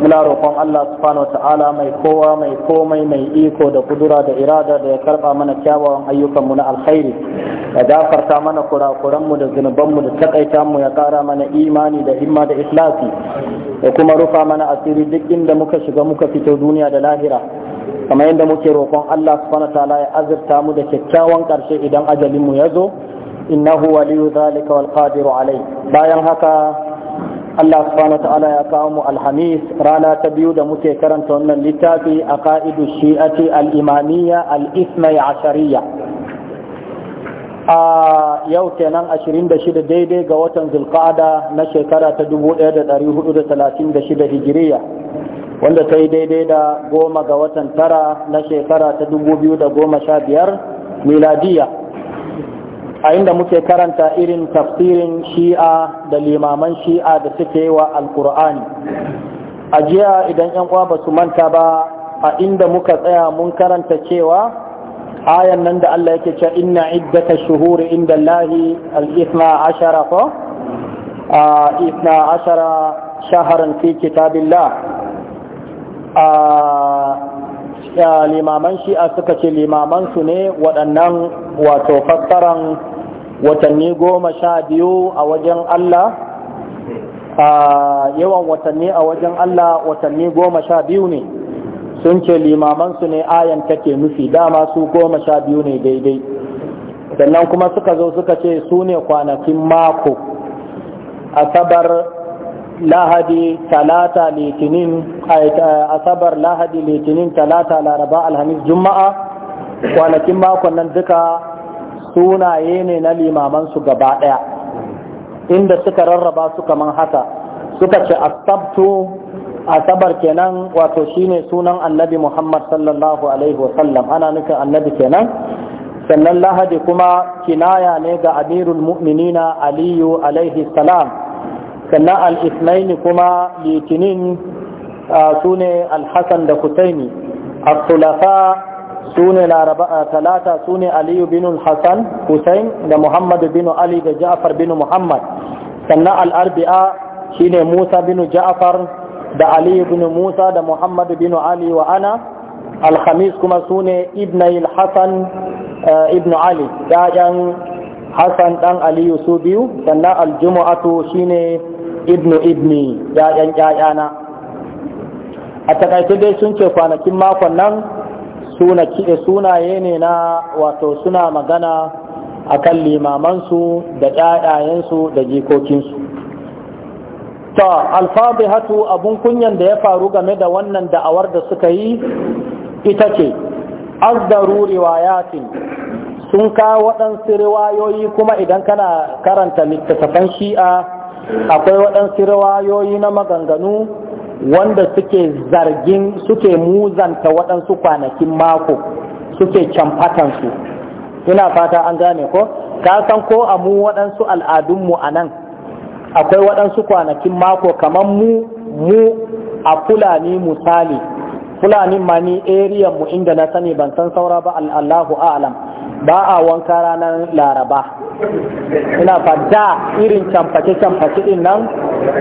muna roƙon Allah subhanahu wa ta'ala mai kowa mai komai mai iko da kudura da irada da ya karba mana kyawawan ayyukanmu na alkhairi ya gafarta mana kurakuranmu da zunubanmu da takaita mu ya ƙara mana imani da himma da ikhlasi da kuma rufa mana asiri duk inda muka shiga muka fito duniya da lahira kamar yadda muke roƙon Allah subhanahu wa ta'ala ya azurta mu da kyakkyawan ƙarshe idan ajalinmu ya zo innahu waliyu zalika wal qadiru alai bayan haka Allah subhanahu ta'ala ya kawo mu alhamis rana ta biyu da muke karanta wannan littafi a ka'idu shi'ati al'imamiyya al'ismai ashariya a yau kenan 26 daidai ga watan zulqa'ada na shekara ta 1436 hijiriya wanda ta yi daidai da goma ga watan tara na shekara ta biyar miladiya a inda muke karanta irin tafsirin shi'a da limaman shi'a da suke wa alkur'ani a jiya idan yan uwa ba su manta ba a inda muka tsaya mun karanta cewa ayan nan da Allah yake cewa inna iddata shuhuri inda lahi al-ithna ashara ko ithna ashara shaharan fi kitabillah limaman shi'a suka ce limaman su ne waɗannan wato fassaran watanni goma sha biyu a wajen Allah yawan watanni a wajen Allah watanni goma sha biyu ne sun ce limamansu ne ayan take nufi dama su goma sha biyu ne daidai sannan kuma suka zo suka ce su ne kwanakin mako asabar lahadi talata litinin asabar lahadi litinin talata laraba alhamis juma'a kwanakin makon nan duka sunaye ne na limamansu gaba ɗaya inda suka rarraba su kaman haka suka ce asabtu asabar kenan wato shine sunan annabi muhammad sallallahu alaihi wasallam ana nufin annabi kenan sannan lahadi kuma kinaya ne ga amirul mu'minina aliyu alaihi salam sannan al kuma litinin su ne alhassan da kusaini الثلاثاء sune laraba talata sune aliyu bin hasan hussein da muhammad bin ali da ja'far bin muhammad sannan al'arbi'a shine musa bin ja'far da aliyu bin musa da muhammad bin ali wa ana alhamis kuma sune ibnai hasan eh, ibn ali ya'yan hasan dan aliyu su biyu sannan aljumu'atu shine ibnu ibni ya'yan ya'yana a takaice dai sun ce kwanakin makon nan suna kiɗe sunaye ne na wato suna magana a kan limamansu da ƴaƴayensu da jikokinsu ta alfabe hatu abun kunyan da ya faru game da wannan da'awar da suka yi ita ce azdaru riwayatin sun kawo waɗansu riwayoyi kuma idan kana karanta littattafan shi'a akwai waɗansu riwayoyi na maganganu wanda suke zargin suke muzanta waɗansu kwanakin mako suke canfatansu ina fata an gane ko ka san ko a mu waɗansu al'adunmu a nan akwai waɗansu kwanakin mako kamar mu mu a fulani misali fulani ma ni mu inda na sani ban san saura ba allahu alam ba a wanka ranar laraba ina fata irin camfake-camfake din nan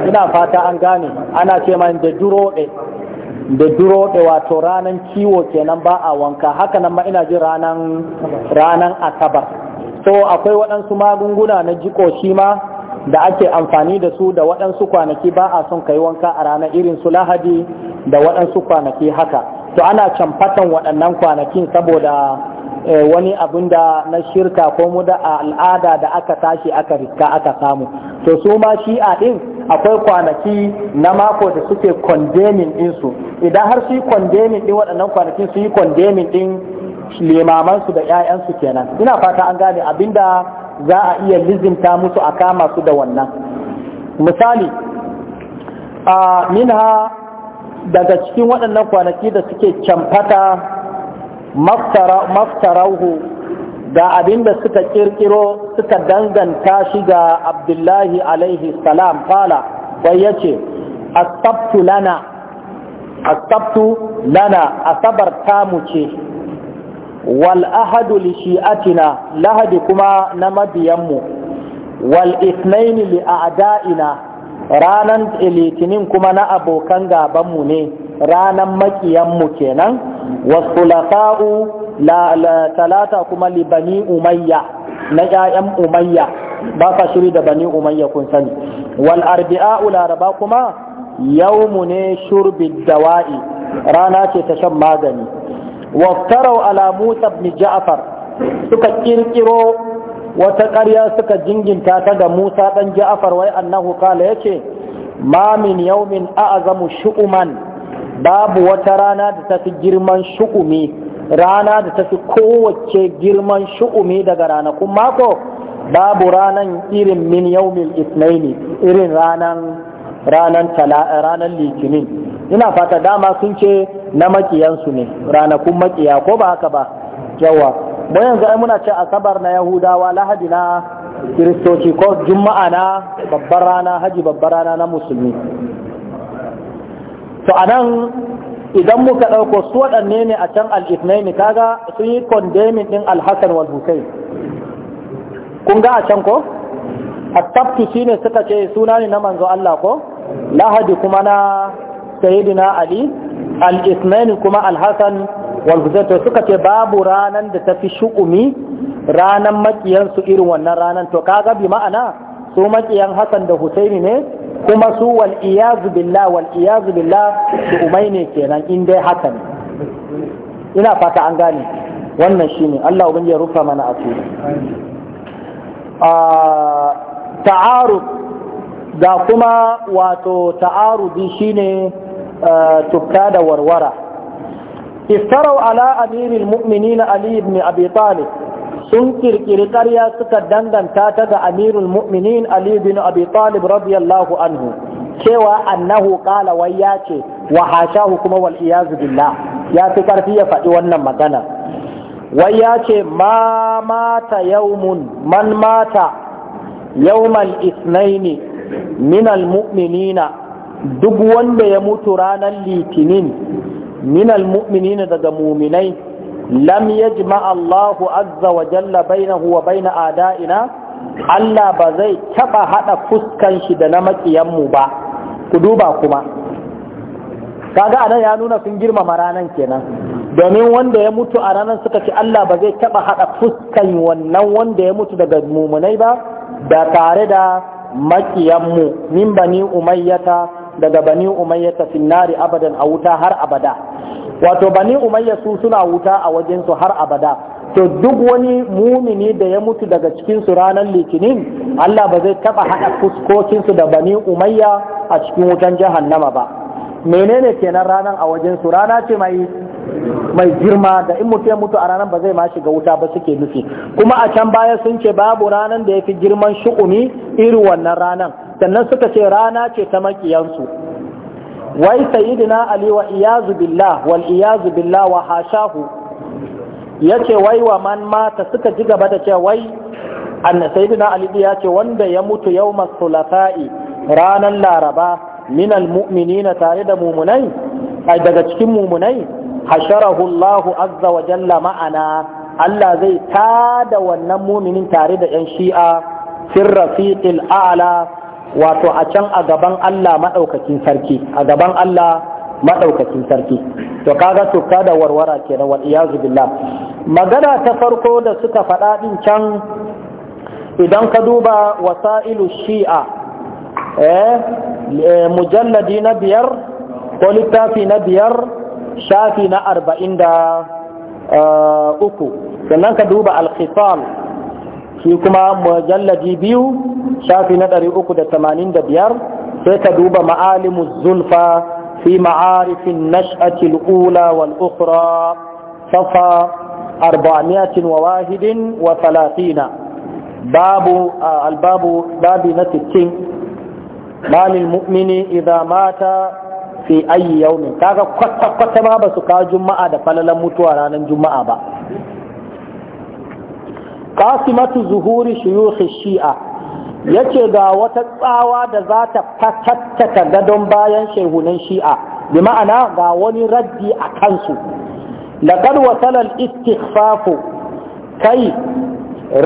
ina fata an gane ana ce man da duroɗe da wato ranan kiwo kenan ba a wanka haka nan ma ina ji ranar asabar so akwai waɗansu magunguna na jiko shi ma da ake amfani da su da waɗansu kwanaki ba a son kai wanka a ranar irin su lahadi da waɗansu kwanaki haka to ana camfatan waɗannan kwanakin saboda Eh, wani abin da na shirka ko mu da al'ada da aka tashi aka riska aka samu to su ma shi a din akwai kwanaki na mako da suke condemning su, idan har su yi condemning ɗin waɗannan kwanakin su yi condemning limaman su da su kenan ina fata an gane abinda za a iya lizinta musu a kama su da wannan misali a minha daga cikin waɗannan kwanaki da suke camfata maftarauhu ga abin da suka kirkiro suka danganta shi ga abdullahi alaihi salam fala bai ya ce lana asabtu lana asabar tamu ce wal ahadu li shi'atina lahadi kuma na mabiyanmu wal ithnaini li a'da'ina ranan litinin kuma na abokan gaban mu ne ranan makiyanmu kenan wasulafa'u talata kuma li bani umayya na ƴaƴan umayya ba ka shiri da bani umayya kun sani wal arbi'a'u laraba kuma yawmu ne shurbi dawa'i rana ce ta shan magani waftarau ala musa bin ja'far suka kirkiro wata ƙarya suka jinginta ta ga musa dan ja'far wai annahu kala yace ma min yawmin a'zamu shu'uman babu wata rana da ta fi girman shu'umi rana da ta fi kowace girman shu'umi daga ranakun mako babu ranan irin min yaumil isnaini irin ranan ranan ranan litinin ina fata dama sun ce na makiyansu ne ranakun makiya ko ba haka ba yawa mu yanzu ai muna ce asabar na yahudawa lahadi na kiristoci ko juma'a na babbar rana haji babbar rana na musulmi to a nan, idan muka ɗauko su waɗanne ne a can al'ifnai ne kaga sun yi condemning ɗin alhassan wal kun ga a can ko at shi ne suka ce suna ne na manzo Allah ko lahadi kuma na sayidina ali al'ifnai kuma Alhassan hasan wal to suka ce babu ranar da ta fi shukumi ranan makiyansu irin wannan ranan to kaga bi ma'ana su makiyan Hassan da husaini ne kuma su wal iyazu billah wal iyazu billah su umai ne kenan in dai haka ne ina fata an gane wannan shine Allah ubangi ya rufa mana asiri a ta'arud da kuma wato ta'arudi shine tukka da warwara iftarau ala amiril mu'minin ali ibn abi talib sun kirkiri ƙarya suka danganta ta ga amirul mu'minin Ali bin Abi Talib radiyallahu anhu cewa annahu qala wai ya ce wa hashahu kuma wal iyaz billah ya fi karfi ya faɗi wannan magana wai ya ce ma mata yaumun man mata yauman isnaini min mu'minina duk wanda ya mutu ranar litinin minal mu'minina daga muminai lam yajma Allahu azza wa jalla bainahu wa bain a'da'ina Allah ba zai taba hada fuskan shi da na makiyan mu ba ku duba kuma kaga anan ya nuna sun girmama ranan kenan domin wanda ya mutu a ranar suka ce Allah ba zai taba hada fuskan wannan wanda ya mutu daga mumunai ba da tare da makiyanmu min bani umayyata daga bani umayya ta finnari abadan a wuta har abada wato bani umayya su suna wuta a wajensu har abada to duk wani mumini da ya mutu daga cikinsu ranar litinin Allah ba zai taba haɗa fuskokinsu da bani umayya a cikin wutan jahannama ba menene kenan ranar a wajensu rana ce mai mai girma da in mutu ya mutu a ranar ba zai ma shiga wuta ba suke nufi kuma a can baya sun ce babu ranar da ya fi girman shu'umi irin wannan ranar sannan suka ce rana ce ta makiyansu wai sayyidina ali wa iyazu billah wal iyazu billah wa hashahu yace wai wa man mata suka ji gaba da cewa wai anna sayyidina ali ya ce wanda ya mutu yau sulata'i ranan laraba minal mu'minina tare da mumunai ai daga cikin mumunai hasharahu Allahu azza wa jalla ma'ana Allah zai tada wannan muminin tare da yan shi'a fir rafiqil a'la wato a can a gaban Allah maɗaukakin sarki a gaban Allah maɗaukakin sarki to kaga tuka da warwara kenan wal iyazu billah magana ta farko da suka faɗa ɗin can idan ka duba wasa'ilu shi'a eh, eh mujalladi na biyar ko littafi na biyar shafi na arba'in da eh, uku sannan ka duba al shi kuma mujalladi biyu shafi na ɗari uku da tamanin da biyar sai ka duba ma'alimu zulfa fi ma'arifin nash'atil ula wal ukhra safa arba'amiyatin wa wahidin wa talatina babu albabu babi na sittin malil mu'mini idza mata fi ayyi yawmin kaga kwata kwata ma ba su kawo juma'a da falalan mutuwa ranar juma'a ba qasimatu zuhuri shuyukh shi'a yace ga wata tsawa da za ta fatattaka gadon bayan shehunan shi'a bi ma'ana ga wani raddi a kansu laqad wasala al-istighfafu kai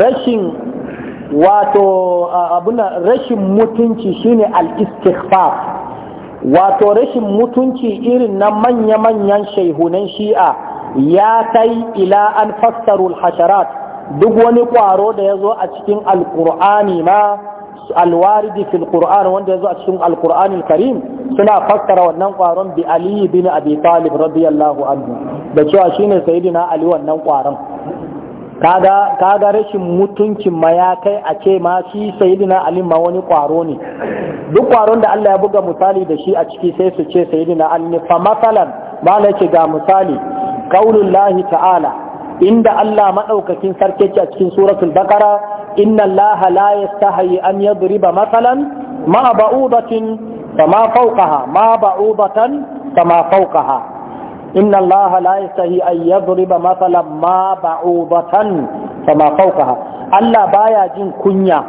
rashin wato abuna rashin mutunci shine al wato rashin mutunci irin na manya-manyan shehunan shi'a ya kai ila an fassaru al-hasharat duk wani kwaro da ya zo a cikin alkur'ani ma alwaridi fil qur'an wanda yazo a cikin alqur'ani karim suna fassara wannan kwaron bi ali bin abi talib radiyallahu anhu da cewa shine sayyidina ali wannan kwaron kaga kaga rashin mutuncin ma ya kai a ce ma shi sayyidina ali ma wani kwaro ne duk kwaron da Allah ya buga misali da shi a ciki sai su ce sayyidina ali fa masalan ma ga misali qaulullahi ta'ala inda Allah maɗaukakin sarki a cikin suratul baqara inna Allah la yastahi an yadriba masalan ma ba'udatin fama fawqaha ma ba'udatan fama fawqaha inna Allah la yastahi an yadriba masalan ma ba'udatan fama fawqaha Allah baya jin kunya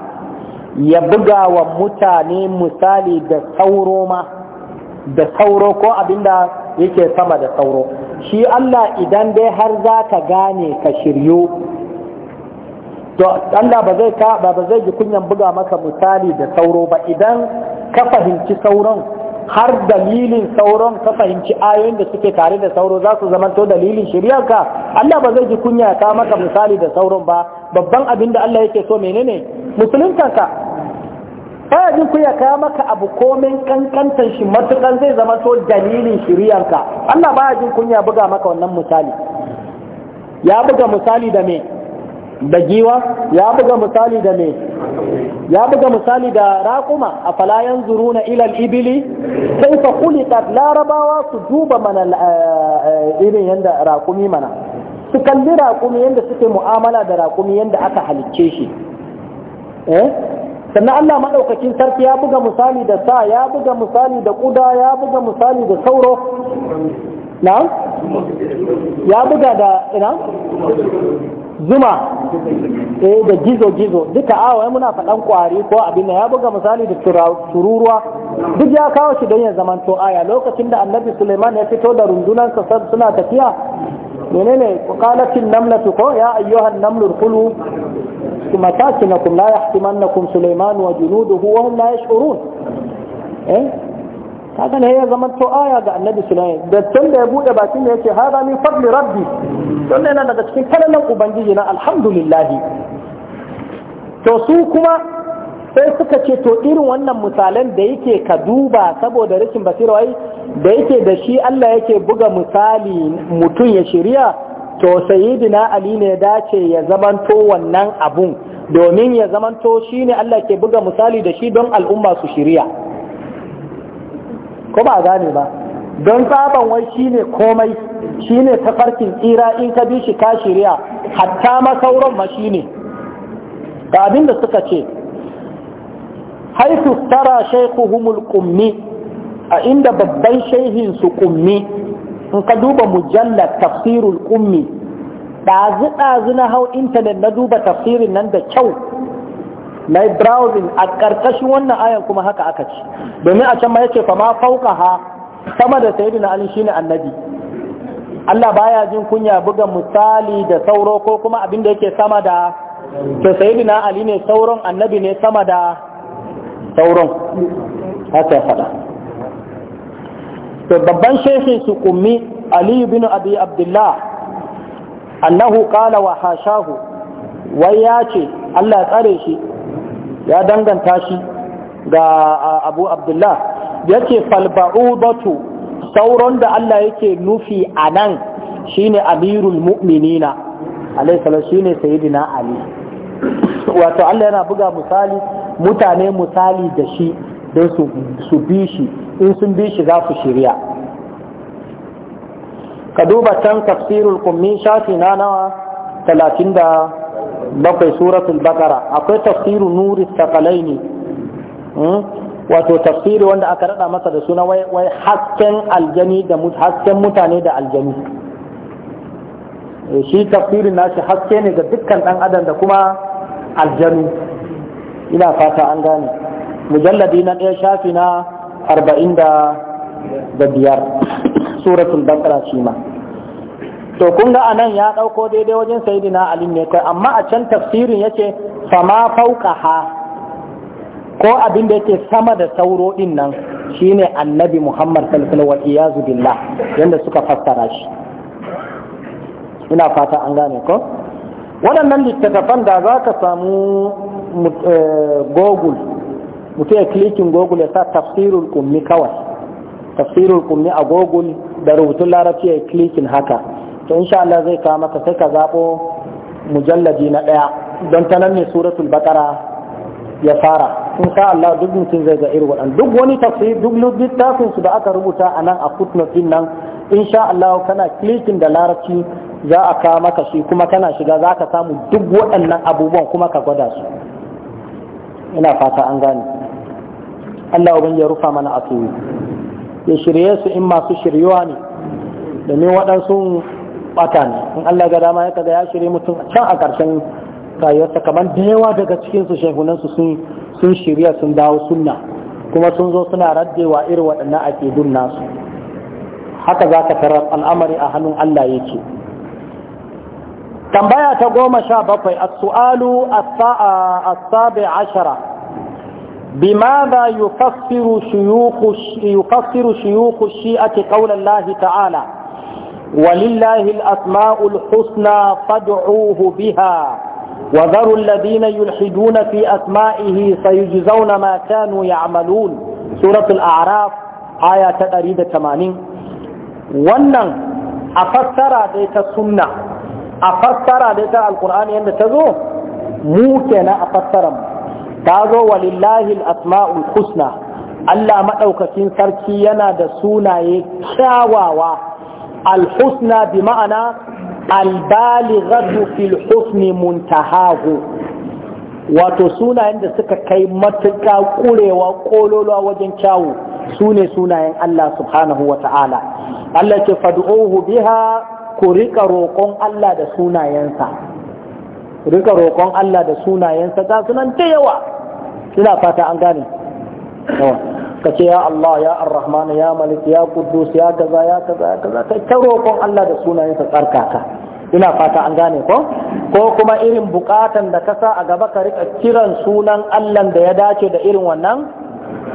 ya buga wa mutane misali da sauro ma da sauro ko abinda yake sama da sauro shi Allah idan dai har za ka gane ka shiryo to Allah ba zai ka ba zai ji kunyan buga maka misali da sauro ba idan ka fahimci sauron har dalilin sauron ka fahimci ayoyin da suke tare da sauro za su zama to dalilin shiryarka Allah ba zai ji kunya ka maka misali da sauron ba babban abin da Allah yake so menene Musuluntarka. kana jin ya kaya maka abu komen kankantan shi matukan zai zama to dalilin shiriyanka Allah baya jin kunya buga maka wannan misali ya buga misali da me da giwa ya buga misali da me ya buga misali da raƙuma a fala zuruna ila ibili ka kaifa khuliqat larabawa su duba mana eh, eh, irin yanda raƙumi mana su kalli raƙumi yanda suke mu'amala da raƙumi yanda aka halicce shi eh sannan Allah maɗaukakin sarki ya buga misali da sa ya buga misali da ƙuda ya buga misali da sauro na ya buga da ina zuma eh da gizo gizo duka awa ah, muna faɗan ƙwari ko abin ya buga misali da tururuwa duk ya kawo shi don ya zamanto aya lokacin da annabi suleiman ya fito da rundunansa suna tafiya menene qalatin namlatu ko ya ayyuhan namlur kulu مساكنكم لا يحتمنكم سليمان وجنوده eh ya zama to aya ga annabi sulaiman da da ya bude bakin da ce hada min fadli rabbi don yana daga cikin kalalan ubangiji na alhamdulillah to su kuma sai suka ce to irin wannan misalan da yake ka duba saboda rashin basira wai da yake da shi Allah yake buga misali mutum ya shirya to sayyidina ali ne dace ya zamanto wannan abun domin ya zamanto shine Allah ke buga misali da shi don al'umma su shirya ko ba gane ba don tsaban wai shine komai shine tafarkin tsira in ka bi shi ka shirya hatta ma sauran ma shine ga abin da suka ce haitu tara shaykhuhumul qummi a inda babban shaihin su qummi in ka duba mujallar tafsirul ummi ɗazu ɗazu na hau intanet na duba tafsirin nan da kyau na browsing a ƙarƙashin wannan ayan kuma haka aka ci domin a can ma yake fama fauka ha sama da sayyidina ali shine annabi Allah baya jin kunya buga misali da sauro ko kuma abin da yake sama da to sayyidina ali ne sauron annabi ne sama da sauron haka ya faɗa to babban shehin su kummi ali bin abi abdullah annahu qala wa hashahu wai ya ce Allah tsare shi ya danganta shi ga abu abdullah ya ce falba'udatu sauron da Allah yake nufi a nan shine amirul mu'minina alaihissalam shine sayidina ali wato Allah yana buga misali mutane misali da shi don su bi shi in sun bi shi za su shirya ka duba can tafsirul kummi shafi na nawa talatin da bakwai suratul bakara akwai tafsiru nuri ne hmm? wato tafsiri wanda aka rada masa da suna wai hasken aljani da hasken mutane da aljani eh, shi tafsirin nashi haske ne ga dukkan ɗan adam da kuma aljanu ina fata an gane mujalladi na ɗaya shafi na arba'in da biyar suratul bakara shi ma to kun ga anan ya ɗauko daidai wajen sayidina ali ne kai amma a can tafsirin yace fama fauka ha ko abin da yake sama da sauro din nan shine annabi muhammad sallallahu alaihi wasallam billah yanda suka fassara shi ina fata an gane ko waɗannan littattafan da za ka samu google mutum ya klikin google ya sa tafsirul ummi kawai tafsirul ummi a google da rubutun larabci ya klikin haka to insha Allah zai kawo maka sai ka zaɓo mujalladi na daya don ta nan ne suratul bakara ya fara in sha Allah duk mutum zai ga irin waɗannan duk wani tafsir duk littafin su da aka rubuta a nan a footnote din nan insha Allah kana klikin da larabci za a kawo maka shi kuma kana shiga za ka samu duk waɗannan abubuwan kuma ka gwada su ina fata an gane Allah ubangi ya rufa mana asiri ya shirye su in masu shiryuwa ne domin waɗansu ɓata ne in Allah ga dama ya kaga ya shirye mutum can a ƙarshen rayuwarsa kamar da yawa daga cikin su shehunan sun shirya sun dawo sunna kuma sun zo suna raddewa irin waɗannan dun nasu haka za ka tarar al'amari a hannun Allah yake tambaya ta goma sha bakwai as-su'alu as-sabi'a ashara بماذا يفسر شيوخ يفسر شيوخ الشيعة قول الله تعالى ولله الأسماء الحسنى فادعوه بها وذروا الذين يلحدون في أسمائه سيجزون ما كانوا يعملون سورة الأعراف آية 180 wannan a أفسر da السنة أفسر a القرآن da ita alkur'ani yadda ta zo ta zo asma'ul husna Allah maɗaukacin sarki yana da sunaye kyawawa alhusna bi ma'ana albalighatu fil husni muntahahu wato sunayen da suka kai matuƙa ƙurewa ƙololuwa wajen kyawu su ne sunayen Allah subhanahu wa ta'ala Allah ce fad'uhu biha ku riƙa roƙon Allah da sunayensa rika roƙon Allah da sunayensa ta sunan ta yawa ina fata an gane ka ce ya Allah ya Ar-Rahman ya Malik ya Quddus ya kaza ya kaza ya kaza ka ta roƙon Allah da sunayensa tsarkaka ina fata an gane ko ko kuma irin bukatan da ka sa a gaba ka rika kiran sunan Allah da ya dace da irin wannan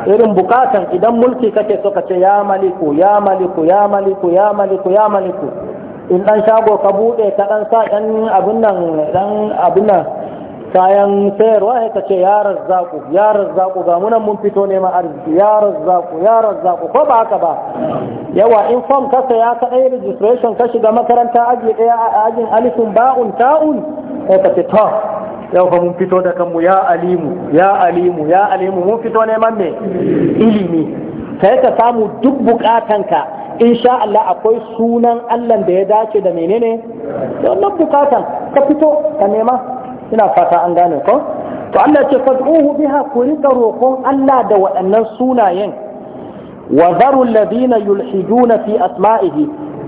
irin bukatan idan mulki kake so ka ce ya maliku ya maliku ya maliku ya maliku ya maliku in dan shago ka bude ka dan sa dan abin nan dan abin nan kayan sayarwa sai ka ce ya razzaku ya razzaku ga munan mun fito ma arziki ya razzaku ya razzaku ko ba haka ba yawa in form ka saya ka dai registration ka shiga makaranta aji daya ajin alifun ba'un ta'un sai ka ce to yau fa mun fito da kanmu ya alimu ya alimu ya alimu mun fito ne man me ilimi sai ka samu duk bukatanka sha Allah akwai sunan Allah da ya dace da menene da wannan bukatan ka fito ka nema ina fata an gane ko to Allah ce fad'uhu biha ku rika roƙon Allah da waɗannan sunayen wa zaru alladhina yulhiduna fi asma'ihi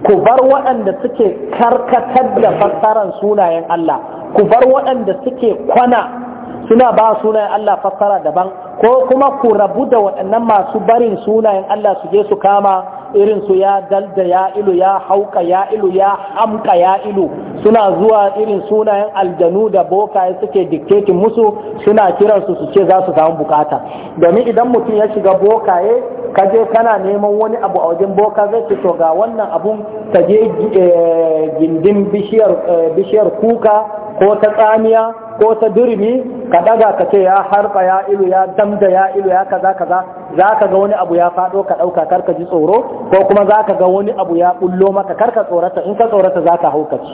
ku bar waɗanda suke karkatar da fassaran sunayen Allah ku bar waɗanda suke kwana suna ba sunayen Allah fassara daban ko kuma ku rabu da waɗannan masu barin sunayen Allah su je su kama irin su ya dalda ya ilu ya hauka ya ilu ya hamka ya ilu suna zuwa irin sunayen aljanu da bokaye suke diktetin musu suna kiransu su ce za su samu bukata domin idan mutum ya shiga bokaye ka je kana neman wani abu a wajen boka zai ce to ga wannan abun ta je eh, gindin eh, bishiyar kuka ko ta tsamiya ko ta durmi ka ɗaga ka ce ya harba ya ilu ya damda ya ilu ya kaza kaza za ka ga wani abu ya fado ka dauka karka ji tsoro ko kuma za ka ga wani abu ya bullo maka karka tsorata in ka tsorata za ka haukaci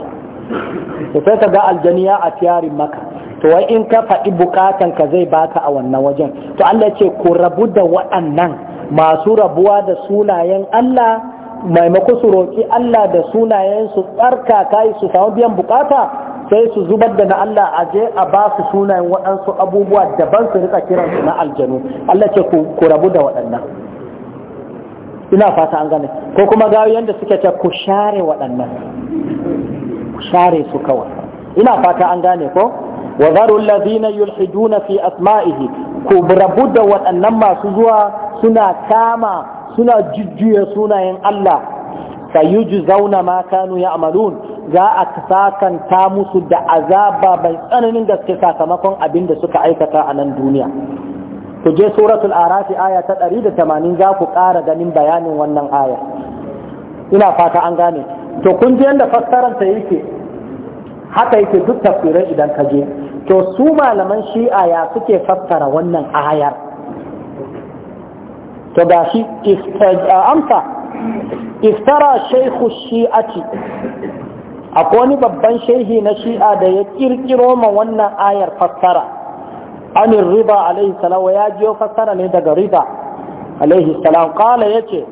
to sai ka ga aljaniya a tiyarin maka to wai in ka faɗi bukatan ka zai baka a wannan wajen to Allah ce ku rabu da waɗannan masu rabuwa da sunayen Allah maimako su roƙi Allah da sunayen su tsarka kai su samu biyan bukata sai su zubar da na Allah a je a ba su sunayen waɗansu abubuwa daban su rika kiran su na aljanu Allah ce ku rabu da waɗannan ina fata an gane ko kuma ga yanda suke ta ku share waɗannan ku share su kawai ina fata an gane ko wa zaru allazina yulhiduna fi asma'ihi ku rabu da waɗannan masu zuwa suna kama suna jujjuya sunayen Allah sayujzauna ma kanu ya'malun za a sakanta musu da azaba mai tsananin gaske sakamakon abin da suka aikata a nan duniya ku je suratul arafi aya ta 180 za ku ƙara ganin bayanin wannan aya ina fata an gane to kun je yadda fassaranta yake haka yake duk tafsirai idan ka je to su malaman shi'a ya suke fassara wannan ayar to ga shi amsa iftara shaikhu shi'ati akwai wani babban shehi na shi'a da ya kirkiro ma wannan ayar fassara anin riba alaihi salam ya jiyo fassara ne daga riba alaihi salam kala ya ce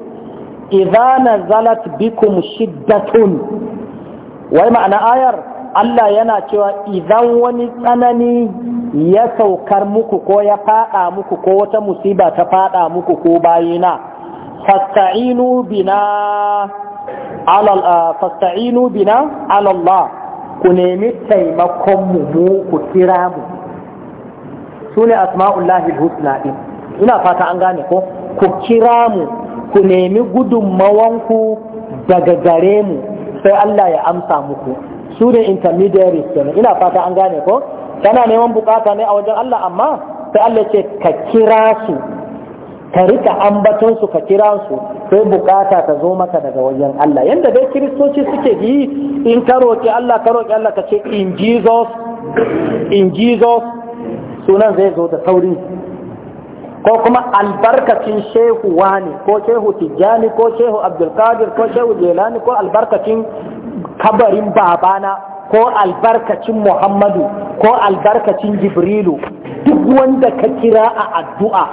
idza nazalat bikum shiddatun wai ma'ana ayar Allah yana cewa idan wani tsanani ya saukar muku ko ya faɗa muku ko wata musiba ta faɗa muku ko bayina fasta'inu bina Ah, fasta'inu bina alallah ku nemi taimakon mu mu ku kira mu su ne asma'ullahi husna din ina fata an gane ko ku kira mu ku nemi gudunmawanku daga gare mu sai Allah ya amsa muku su ne intermediaries kenan ina fata an gane ko tana neman bukata ne a wajen Allah amma sai Allah ce ka kira su ka rika ambaton su ka kira su sai bukata ta zo maka daga wajen Allah yanda dai kiristoci suke yi in ka roki Allah ka roki Allah ka ce in Jesus in Jesus sunan zai zo da sauri ko kuma albarkacin shehu wani ko shehu tijjani ko shehu abdulkadir ko shehu jelani ko albarkacin kabarin babana ko albarkacin Muhammadu ko albarkacin Jibrilu duk wanda ka kira a addu'a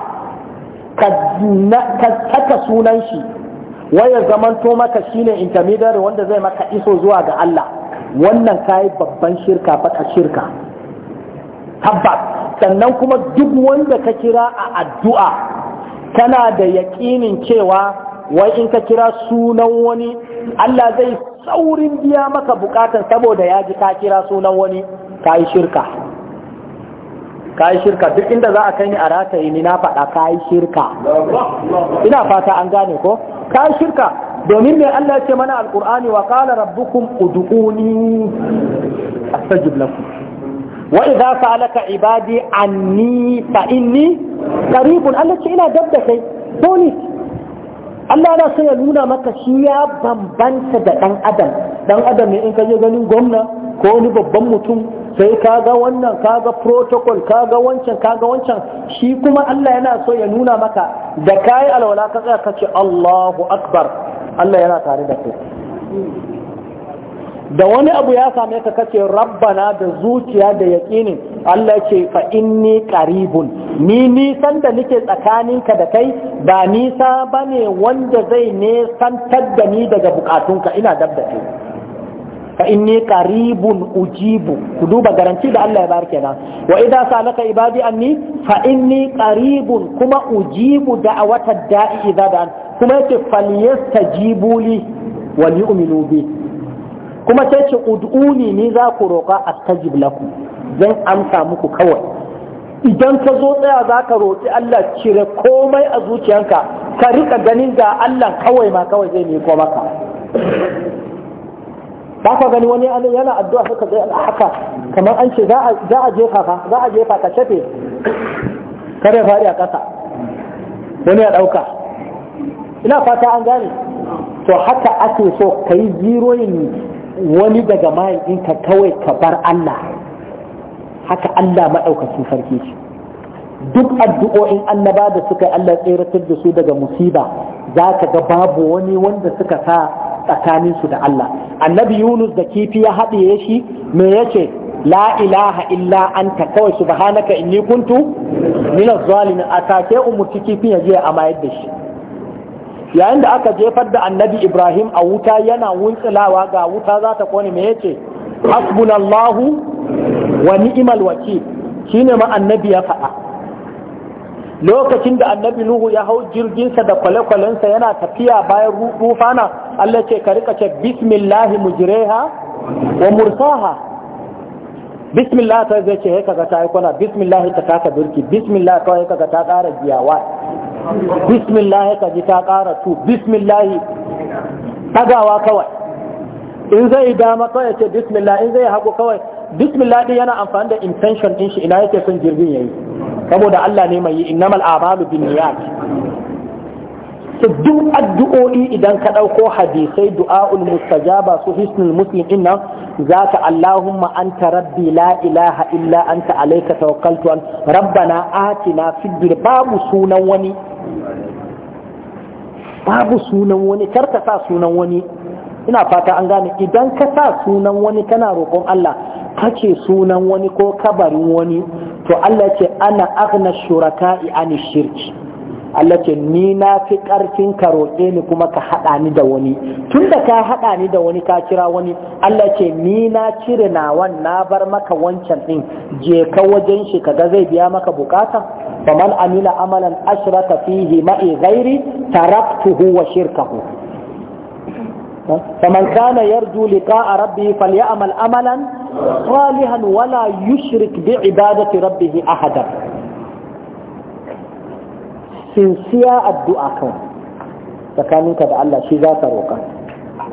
ka saka sunan shi waya zamanto maka shine intermediary wanda zai maka iso zuwa ga Allah wannan kayi babban shirka baka shirka tabbas sannan kuma duk wanda ka kira a addu'a kana da yaƙinin cewa wai in ka kira sunan wani Allah zai saurin biya maka bukatan saboda ya ji ka kira sunan wani kayi shirka ka yi shirka duk inda za a kai ni a rataye ni na faɗa ka shirka ina fata an gane ko ka shirka domin mai Allah ya ce mana Alkur'ani wa qala rabbukum ud'uni astajib lakum wa idza sa'alaka ibadi anni fa inni qaribun Allah ce ina dab da kai dole Allah na so ya nuna maka shi ya bambanta da dan adam dan adam ne in ka je ganin gwamna ko wani babban mutum sai kaga wannan kaga protocol kaga wancan kaga wancan shi kuma Allah yana so ya nuna maka da kayi alwala ka tsaya kace Allahu akbar Allah yana tare da kai da wani abu ya same ka kace rabbana da zuciya da yaqini Allah ya ce fa inni qaribun ni nisan da nake tsakaninka da kai ba nisa bane wanda zai ne san da ni daga bukatunka ina dab fa inni qaribun ujibu ku duba garanti da Allah ya bar kenan wa idza salaka ibadi anni fa inni qaribun kuma ujibu da'awata da'i idza da'an kuma yace yastajibu li wa yu'minu bi kuma sai ce ud'uni ni za ku roƙa astajib lakum zan amsa muku kawai idan ka zo tsaya za ka roƙi Allah cire komai a zuciyanka ka rika ganin da Allah kawai ma kawai zai miko maka ba ka gani wani yana addu'a suka zai haka kamar an ce za a jefa ka za a jefa ka shafe kare fari a ƙasa wani ya ɗauka ina fata an gane to haka ake so ka yi jiroyin wani daga mayan ka kawai ka bar Allah haka Allah maɗaukacin sarki shi duk addu'o'in annaba da suka yi Allah tseratar da su daga musiba za ka ga babu wani wanda suka sa tsakaninsu da Allah annabi Yunus da kifi ya haɗiye shi me yace la ilaha illa anta kawai subhanaka inni kuntu min az-zalimin atake umurci kifin ya je a mayar da shi yayin da aka jefar da annabi Ibrahim a wuta yana wuntsulawa ga wuta za ta kone me yace hasbunallahu wa ni'mal wakil shine ma annabi ya faɗa lokacin da annabi nuhu ya hau jirginsa da kwale-kwalensa yana tafiya bayan rufana Allah ce ka rika ce bismillahi mujireha wa mursaha bismillah ta zai ce kaga ta yi kwana bismillah ta kasa birki bismillah ta kaga ta kara giyawa bismillah ka ji ta kara tu bismillah tagawa kawai in zai dama kawai ce bismillah in zai hagu kawai bismillah yana amfani da intention din shi ina yake son jirgin yayi saboda Allah ne mai yi innamal a'malu binniyat su duk addu'o'i idan ka ɗauko hadisai du'a'ul mustajaba su hisnul muslim din zaka Allahumma anta rabbi la ilaha illa anta alayka tawakkaltu rabbana atina fid babu sunan wani babu sunan wani kar ka sa sunan wani ina fata an gane idan ka sa sunan wani kana roƙon Allah kace sunan wani ko kabarin wani to Allah ce ana aghna shuraka'i an shirki Allah ce ni na fi karfin ka roƙe ni kuma ka haɗa ni da wani tun da ka haɗa ni da wani ka kira wani Allah ce ni na cire nawan na bar maka wancan ɗin je ka wajen shi kaga zai biya maka bukata faman amila amalan ashraka fihi ma'i ghairi taraktuhu wa shirkahu faman kana yarju a rabbi falyamal amalan salihan wala yushrik bi ibadati rabbih ahada sincere addu'a kan tsakaninka da Allah shi za ka roƙa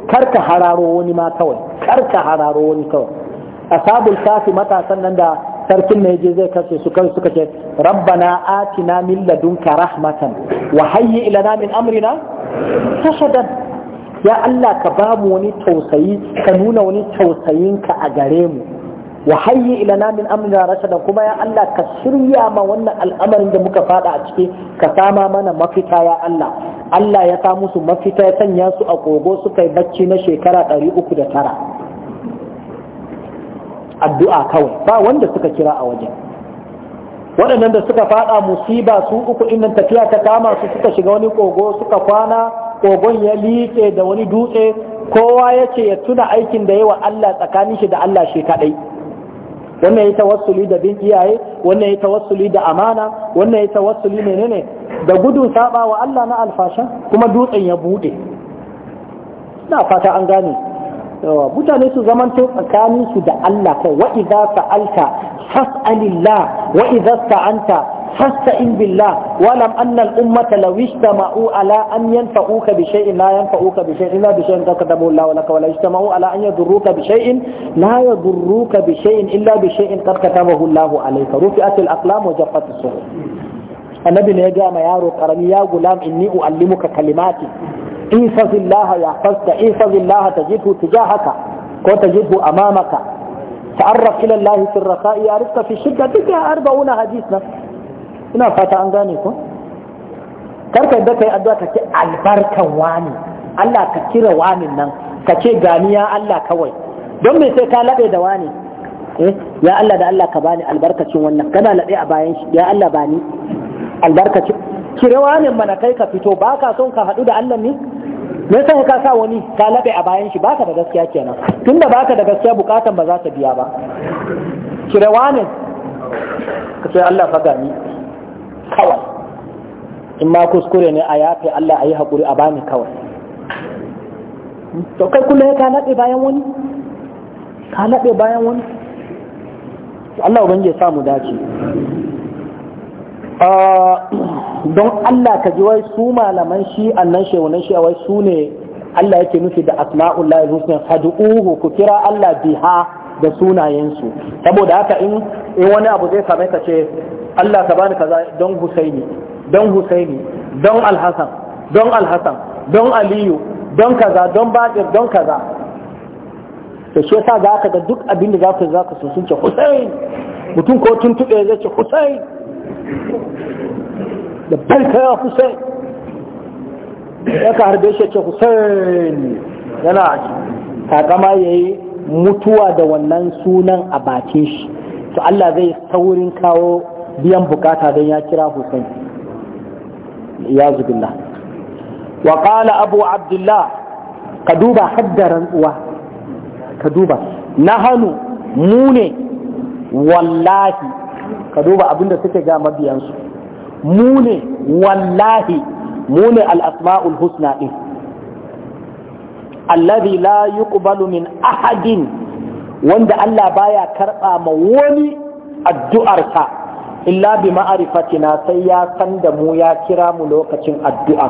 karka hararo wani ma kawai karka hararo wani kawai asabul kafi matasan nan da sarkin ne je zai kashe su suka ce rabbana atina min ladunka rahmatan wa hayyi ilana min amrina tashadan ya Allah ka ba mu wani tausayi ka nuna wani tausayinka a gare mu wa hayyi ilana min amrina rashada kuma ya Allah ka shirya ma wannan al'amarin da muka fada a ciki ka sama mana mafita ya Allah Allah ya sa musu mafita ya sanya su a kogo suka yi bacci na shekara 309 addu'a kawai ba wanda suka kira a wajen waɗannan da suka fada musiba su uku innan tafiya ta kama su suka shiga wani kogo suka kwana kogon ya liƙe da wani dutse kowa ya ce ya tuna aikin da yawa Allah tsakanin shi da Allah shi kadai wannan ya tawassuli da bin iyaye wannan ya tawassuli da amana wannan ya tawassuli menene da gudun saba wa Allah na alfasha kuma dutsen ya bude na fata an gane mutane su zamanto tsakanin su da Allah kai wa idza sa'alta fas'alillah wa idza sta'anta فاستئن بالله ولم أن الأمة لو اجتمعوا على أن ينفعوك بشيء لا ينفعوك بشيء إلا بشيء كتبه الله لك ولا اجتمعوا على أن يضروك بشيء لا يضروك بشيء إلا بشيء قد كتبه الله عليك رفعت الأقلام وجفت الصحف النبي اللي جاء ما يارو يا غلام إني أعلمك كلماتي احفظ الله يا يحفظك احفظ الله تجده تجاهك وتجده أمامك تعرف إلى الله في الرخاء يعرفك في الشدة تجاه أربعون حديثنا ina fata an gane ku karka da kai addu'a ka ce albarkan wani Allah ka kira wani nan ka ce gani ya Allah kawai don me sai ka labe da wani eh ya Allah da Allah ka bani albarkacin wannan kana labe a bayan shi ya Allah bani albarkacin kira wani mana kai ka fito ba ka son ka hadu da Allah ne me yasa ka sa wani ka labe a bayan shi baka da gaskiya kenan tunda baka da gaskiya bukatan ba za ta biya ba kira wani ka ce Allah fa gani kawai in ma kuskure ne a yafe Allah a yi haƙuri a bani kawai to kai kullum ka naɗe bayan wani ka naɗe bayan wani Allah ubangiji ya samu dace ah, don Allah ka ji wai su malaman shi annan shewunan shi wai su ne Allah yake nufi da asma'ullahi husna fad'uhu ku kira Allah biha da sunayensu saboda haka in in wani abu zai same ka ce Allah ka bani kaza don Husaini don Husaini don Alhassan don Alhassan don Aliyu don kaza don Bakir don kaza to shi yasa za ka ga duk abin da za ku za ku sun ce Husain mutum ko tuntube zai ce Husain da barka ya Husain ya ka harbe shi ce Husain yana ya yayi mutuwa da wannan sunan a bakin shi to Allah zai saurin kawo biyan bukata don ya kira Hussein ya zubilla wa qala abu abdullah ka duba haddaran uwa ka duba nahanu mu ne wallahi ka duba abinda suke ga mabiyansu mu ne wallahi mu ne al-asma'ul husna din alladhi la yuqbalu min ahadin wanda Allah baya karba ma wani addu'arsa illa bi ma'rifatina sai ya san da mu ya kira mu lokacin addu'a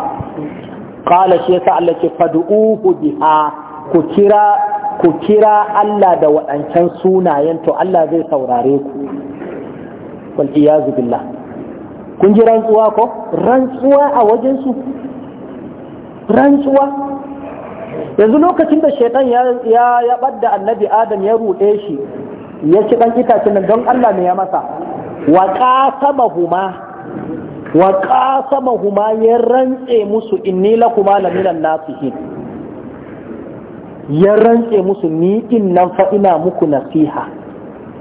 qala shi yasa Allah ce fad'uhu biha ku kira ku kira Allah da waɗancan sunayen to Allah zai saurare ku wal iyazu billah kun ji rantsuwa ko rantsuwa a wajen su rantsuwa yanzu lokacin da shaitan ya ya badda annabi adam ya ruɗe shi ya ci ɗan itacen nan don Allah ne ya masa wa qasamahuma wa huma ya rantse musu inni lakuma laminan nasihin ya rantse musu ni din nan fa ina muku nasiha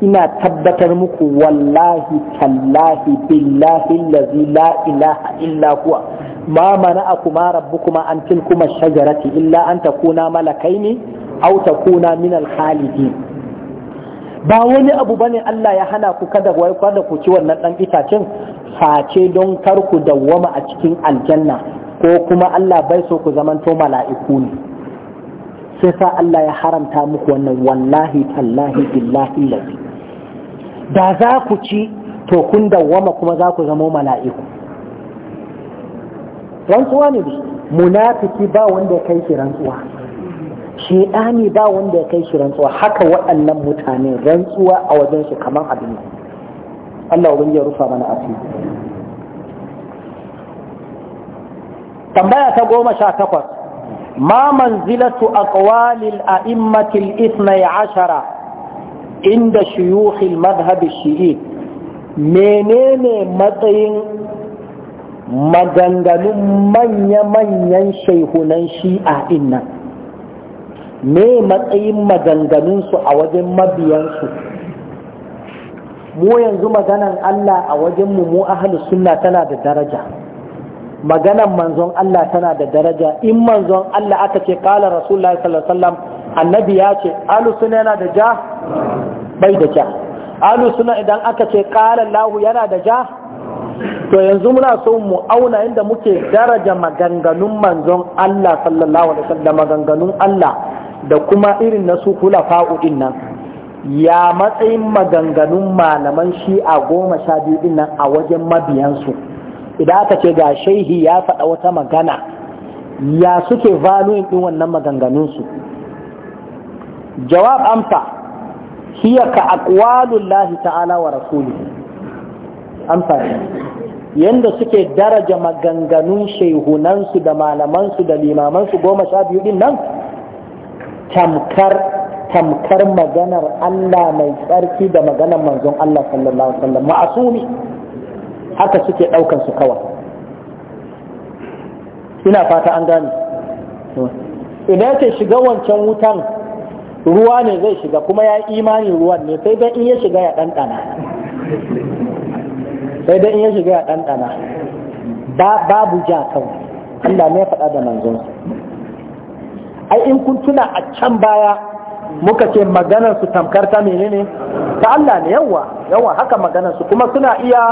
ina tabbatar muku wallahi tallahi billahi allazi la ilaha illa huwa ma mana rabbu kuma an tilkuma shajarati illa an takuna malakaini aw kuna min ba wani abu bane Allah ya hana ku kada wai da ku ci wannan dan itacen face don kar ku dawwama a cikin aljanna ko kuma Allah bai so ku zamanto mala'iku ne sai sa Allah ya haramta muku wannan wallahi tallahi billahi lazi da za ku ci to kun dawwama kuma za ku zamo mala'iku rantsuwa ne dai munafiki ba wanda ya kai shi rantsuwa shedani ba wanda ya kai shi rantsuwa haka waɗannan mutane rantsuwa a wajen su kamar abin Allah ubangiji ya rufa mana asiri tambaya ta goma sha takwas ما منزلة أقوال الأئمة inda عشرة عند شيوخ المذهب الشيعي menene matsayin maganganun manya-manyan shehunan shi'a nan, me matsayin maganganunsu a wajen mabiyansu mu yanzu maganan Allah a wajen mu mu ahlus sunna tana da daraja maganan manzon Allah tana da daraja in manzon Allah aka ce qala rasulullahi sallallahu alaihi wasallam annabi ya ce ahlus sunna yana da ja bai da ja ahlus sunna idan aka ce qala lahu yana da ja to yanzu muna so mu auna inda muke daraja maganganun manzon Allah sallallahu alaihi wasallam maganganun Allah da kuma irin na su kulafa fa'udin nan ya matsayin maganganun malaman shi a goma sha biyu din nan a wajen mabiyansu idan aka ce ga shaihi ya faɗa wata magana ya suke valuin ɗin wannan maganganunsu jawab amsa hiya ka aqwalullahi ta'ala wa rasulihi amfani yanda suke daraja maganganun shehunansu da malamansu da limamansu goma sha biyu din nan tamkar tamkar maganar Allah mai tsarki da maganar manzon Allah sallallahu alaihi wasallam ma'asumi haka suke daukan su kawai ina fata an gane idan ka shiga wancan wutan ruwa ne zai shiga kuma ya imani ruwan ne sai dai in ya shiga ya ɗanɗana sai dai in ya shiga ya ɗanɗana babu ja kawai Allah ne ya faɗa da manzon ai in kun tuna a can baya muka ce maganar su tamkar ta menene ta Allah ne yawa yawa haka maganar su kuma suna iya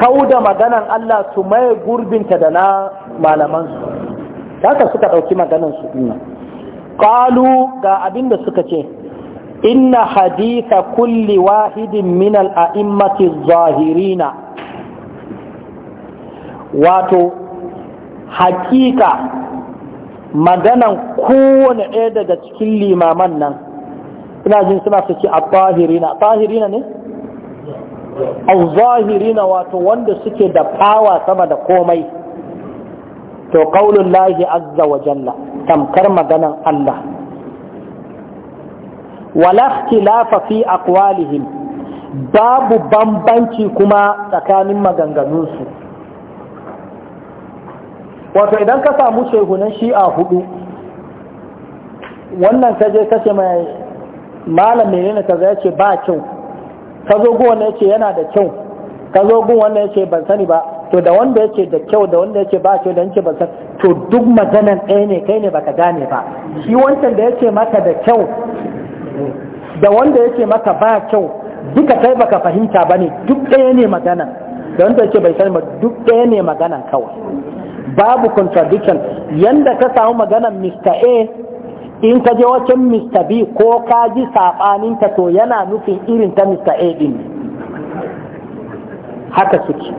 kau da maganar Allah su mai gurbinta da na malaman su haka suka ɗauki maganar su ina qalu ga abinda suka ce inna haditha kulli wahidin min al'a'immati zahirina wato hakika maganan kowane ɗaya daga cikin limaman nan ina jin suna suke a zahirina ne? a zahirina wato wanda suke da fawa sama da komai to qaulun lahi azza wa jalla tamkar maganan Allah wala ikhtilafa fi aqwalihim babu bambanci kuma tsakanin maganganunsu wato idan ka samu shehunan shi'a hudu wannan ka je kace mai malam ne kaza yace ba kyau ka zo gun wannan yace yana da kyau ka zo gun wannan yace ban sani ba to da wanda yace da kyau da wanda yace ba kyau da yace ban sani to duk maganan ɗaya ne kai ne baka gane ba shi wancan da yace maka da kyau da wanda yake maka ba kyau duka kai baka fahimta bane duk ɗaya ne magana da wanda yake bai sani ba duk ɗaya ne magana kawai babu contradiction yanda ka samu maganan Mr. A in ka je wacin Mr. B ko ka ji sabanin to yana nufin irin ta Mr. A din haka suke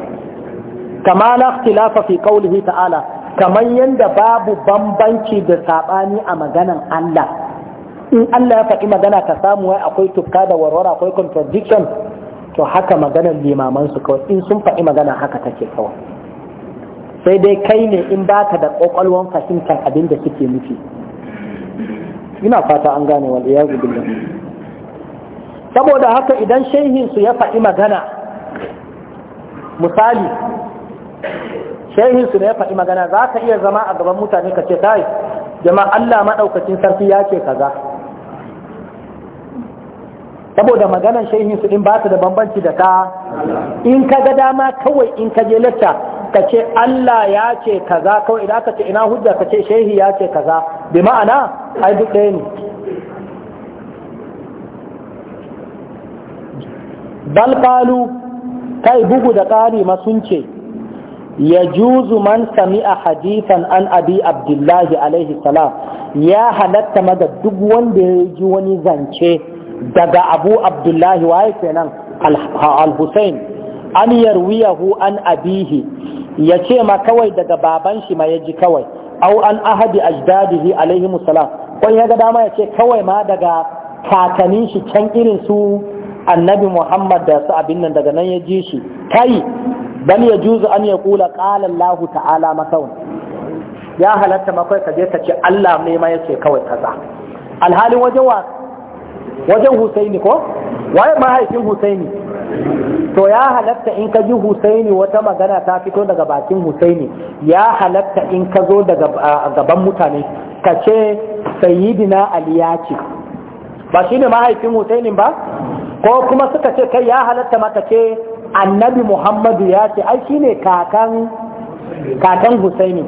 kama na ikhtilafa fi qawlihi ta'ala kamar yanda babu bambanci da saɓani a maganan Allah in Allah ya faɗi magana ka samu wai akwai tukka da warwara akwai contradiction to haka maganar limaman su kawai in sun faɗi magana haka take kawai sai dai kai ne in baka da ƙwaƙwalwan fahimtar abin da suke nufi ina fata an gane wal iyazu billah saboda haka idan shehin su ya faɗi magana misali shehin su ne ya faɗi magana za ka iya zama a gaban mutane ka ce kai jama'a Allah maɗaukacin sarki ya ce kaza saboda maganan shehin su din ba su da bambanci da ka in ka ga dama kawai in ka je lacca ka ce Allah ya ce kaza kawai idan ka ce ina hujja ka ce shehi ya ce kaza bi ma'ana ai duk ɗaya ne bal kai bugu da ƙari ma sun ce ya juzu man sami'a hadithan an abi abdullahi alaihi salam ya halatta maga duk wanda ya ji wani zance daga abu abdullahi waye kenan al-husain an yarwiyahu an abihi ya ce ma kawai daga baban shi ma ya ji kawai au an ahadi ajdadihi alaihi musalam ko ya ga dama ya ce kawai ma daga kakannin shi can irin su annabi muhammad da su abin nan daga nan ya ji shi kai bal ya juzu an ya kula qala allah ta'ala masawun ya halatta makwai kaje je ka ce allah ne ma ya ce kawai kaza alhalin wajen wa wajen husaini ko waye mahaifin husaini to ya halatta in ka ji husaini wata magana ta fito daga bakin husaini ya halatta in ka zo daga gaban mutane ka ce sayyidina ali ya ce ba shi ne mahaifin husainin ba ko kuma suka ce kai ya halatta maka ce annabi muhammadu ya ce ai shi ne kakan husaini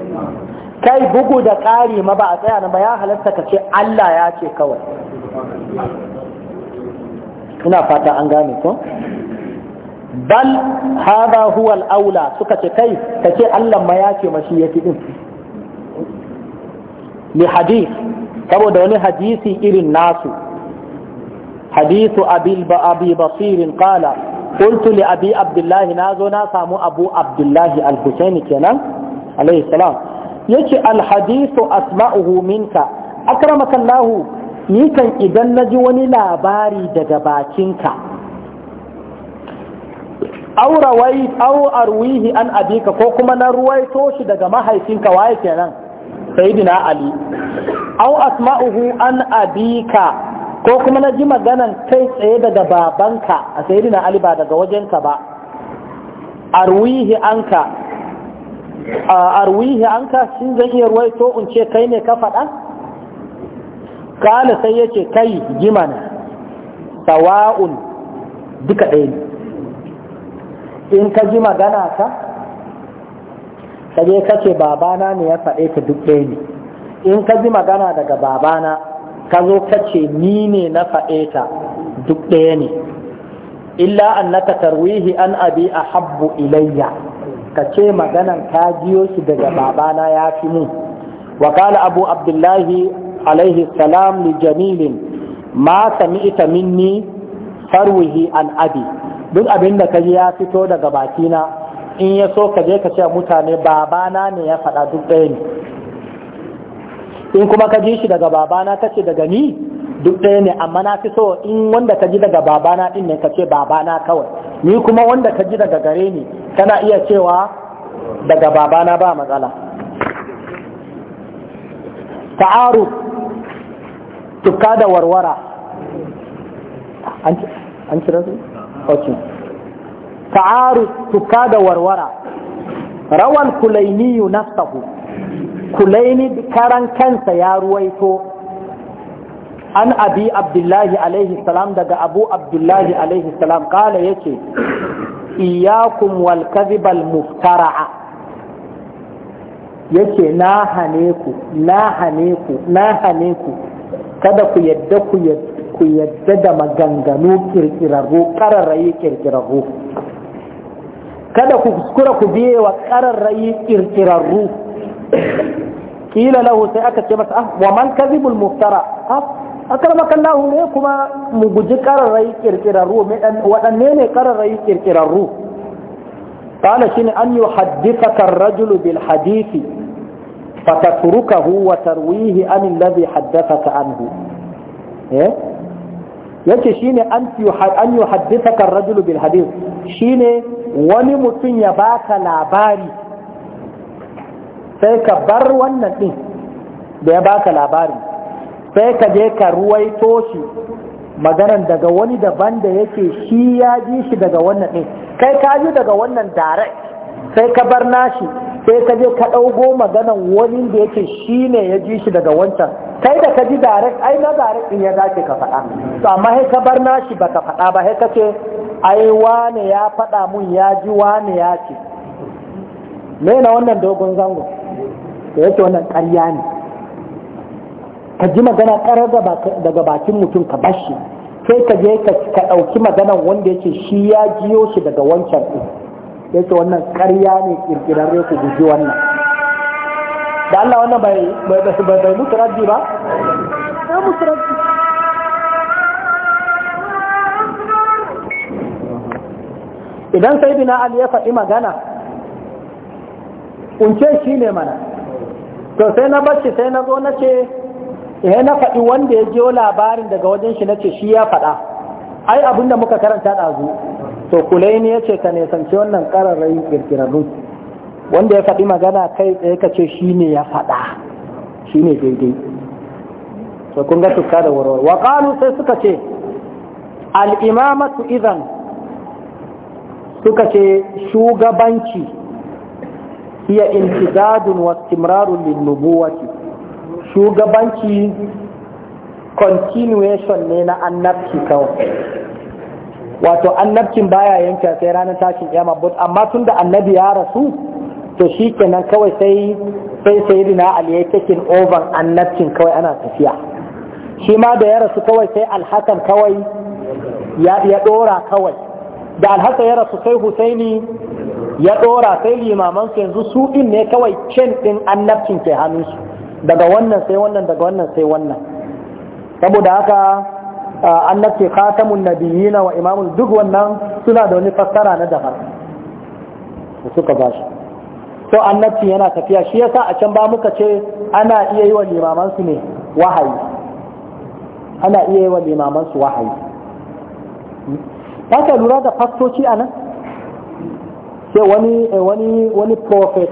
kai bugu da kari ma ba a tsaya na ba ya halatta ka ce allah ya ce kawai ina fata an gane ko bal hada huwa al-aula suka ce kai kace Allah ma ya ce mashi yafi din li saboda wani hadisi irin nasu hadithu abil ba abi basir qala qultu li abi abdullah na samu abu abdullah al-husaini kenan alayhi salam yace al-hadithu asma'uhu minka akramaka Allah ni kan idan na ji wani labari daga bakinka au arwihi an abika ko kuma na ruwaito shi daga mahaifinka waye kenan sayyidina ali au asma'uhu an abika ko kuma na ji maganan kai tsaye daga babanka a sayyidina ali ba daga wajenka ba arwihi anka arwihi anka shin zan iya ruwaito in ce kai ne ka faɗa kala sai yace kai jimana sawa'un duka ɗaya ne in ka ji magana ka sai ka ce babana ne ya faɗe ka duk ɗaya ne in ka ji magana daga babana ka zo ka ce ni ne na faɗe ka duk ɗaya ne illa annaka tarwihi an abi a habbu ilayya ka ce maganan ka jiyo shi daga babana ya fi mu wa abu abdullahi alaihi salam li jamilin ma sami'ta minni farwihi an duk abin da kaji ya fito daga bakina in ya so ka je ka ce mutane babana ne ya faɗa duk ɗaya ne in kuma ka ji shi daga babana ka ce daga ni duk ɗaya ne amma na fi so in wanda ka ji daga babana ɗin ne ka ce babana kawai ni kuma wanda ka ji daga gare ni kana iya cewa daga babana ba matsala ta'aruf tukka da warwara an kira su? ok ta'aru tukka da warwara rawal kulainiyu nafsahu kulaini karan kansa ya ruwaito an abi abdullahi alaihi salam daga abu abdullahi alaihi salam kala yake iyakun wal kadhibal muftara'a yake na hane ku na hane ku na hane ku kada ku yadda ku yadda da maganganu kirkirarru kararrayi kirkirarru kada ku kuskura ku biye wa kararrayi kirkirarru kila lahu sai aka ce masa ah wa man kadhibul muftara ah akramaka Allah ne kuma mu guji kararrayi kirkirarru waɗanne ne kararrayi kirkirarru qala shine an yuhaddithaka ar-rajulu bil hadithi fatatrukahu wa tarwihi an alladhi haddathaka anhu eh yace shine an an yuhaddithaka ar-rajulu bil hadith shine wani mutum ya baka labari sai ka bar wannan din da ya baka labari sai ka je ka ruwaito shi maganan daga wani daban da yake shi ya ji shi daga wannan din kai ka ji daga wannan direct sai ka bar nashi sai ka je ka ɗaugo maganan wani da yake shi ne ya ji shi daga wancan kai da ka ji darek ai na darek in ya dace ka faɗa to amma sai ka bar nashi ba ka faɗa ba sai ka ce ai wane ya faɗa mun ya ji wane ya ce me na wannan dogon zango to yake wannan ƙarya ne ka ji magana ƙarar daga bakin mutum ka bashi sai ka je ka ɗauki maganan wanda yake shi ya jiyo shi daga wancan ce wannan ƙarya ne kirkirarre ku guji wannan da Allah wannan bai bai mutu raddi ba ya mutu raddi idan sai bina Ali ya faɗi magana kunce shi ne mana to sai na bacci sai na zo na ce ya eh, na faɗi wanda ya jiyo labarin daga wajen shi na ce shi ya faɗa ai abinda muka karanta ɗazu to kulaini ya ce ka nisanci wannan ƙararrayin ƙirƙirarru wanda ya faɗi magana kai tsaye ka ce shi ne ya faɗa shi ne daidai to kun ga tukka da warware wa sai suka ce al'imamatu Izan suka ce shugabanci hiya intizadun wa istimrarun lin shugabanci continuation ne na annabci kawai wato annabcin baya yanka sai ranar tashin kiyama but amma tun da annabi ya rasu to shi kenan kawai sai sai sayyidina ali ya takin ovan annabcin kawai ana tafiya shi ma da ya rasu kawai sai alhassan kawai ya ya dora kawai da alhassan ya rasu sai husaini ya dora sai limaman su yanzu su din ne kawai cin din annabcin ke su. daga wannan sai wannan daga wannan sai wannan saboda haka annabci khatamun nabiyina wa imamun duk wannan suna da wani fassara na daban suka ba shi to annabci yana tafiya shi yasa a can ba muka ce ana iya yi wa limaman su ne wahayi ana iya yi wa limaman su wahayi ta lura da fastoci a nan sai wani wani wani prophet